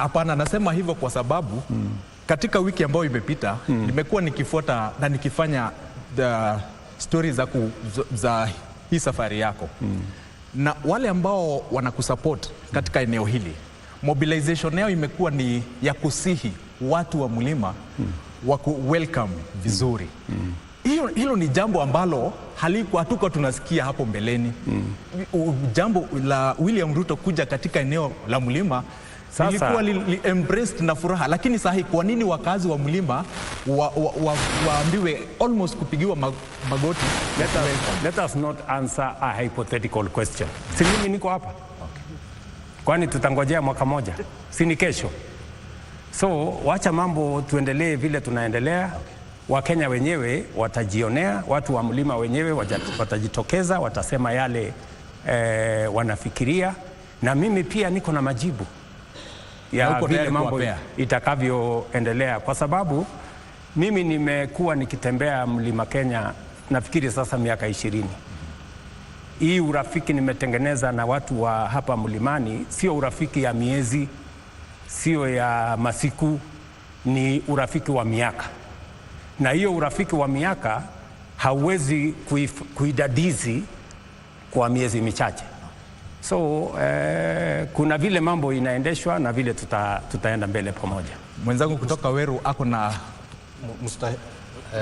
Hapana, nasema hivyo kwa sababu mm. katika wiki ambayo imepita mm. nimekuwa nikifuata na nikifanya stori za, za hii safari yako mm. na wale ambao wanakusupport katika eneo hili mobilization yao imekuwa ni ya kusihi watu wa mlima mm. waku welcome vizuri mm. Hilo, hilo ni jambo ambalo halikuwa hatuko tunasikia hapo mbeleni mm. Jambo la William Ruto kuja katika eneo la mlima sasa li, li embraced na furaha, lakini sahi, kwa nini wakazi wa mlima waambiwe wa, wa, wa almost kupigiwa magoti? Let us, let us not answer a hypothetical question. Si mimi niko hapa okay. Kwani tutangojea mwaka moja? Si ni kesho? So wacha mambo tuendelee vile tunaendelea okay. Wakenya wenyewe watajionea, watu wa mlima wenyewe watajitokeza, watasema yale eh, wanafikiria, na mimi pia niko na majibu ya vile mambo itakavyoendelea, kwa sababu mimi nimekuwa nikitembea mlima Kenya nafikiri sasa miaka ishirini. Hii urafiki nimetengeneza na watu wa hapa mlimani, sio urafiki ya miezi, sio ya masiku, ni urafiki wa miaka, na hiyo urafiki wa miaka hauwezi kuidadizi kwa miezi michache. So eh, kuna vile mambo inaendeshwa na vile tuta, tutaenda mbele pamoja. Mwenzangu kutoka Weru ako na eh,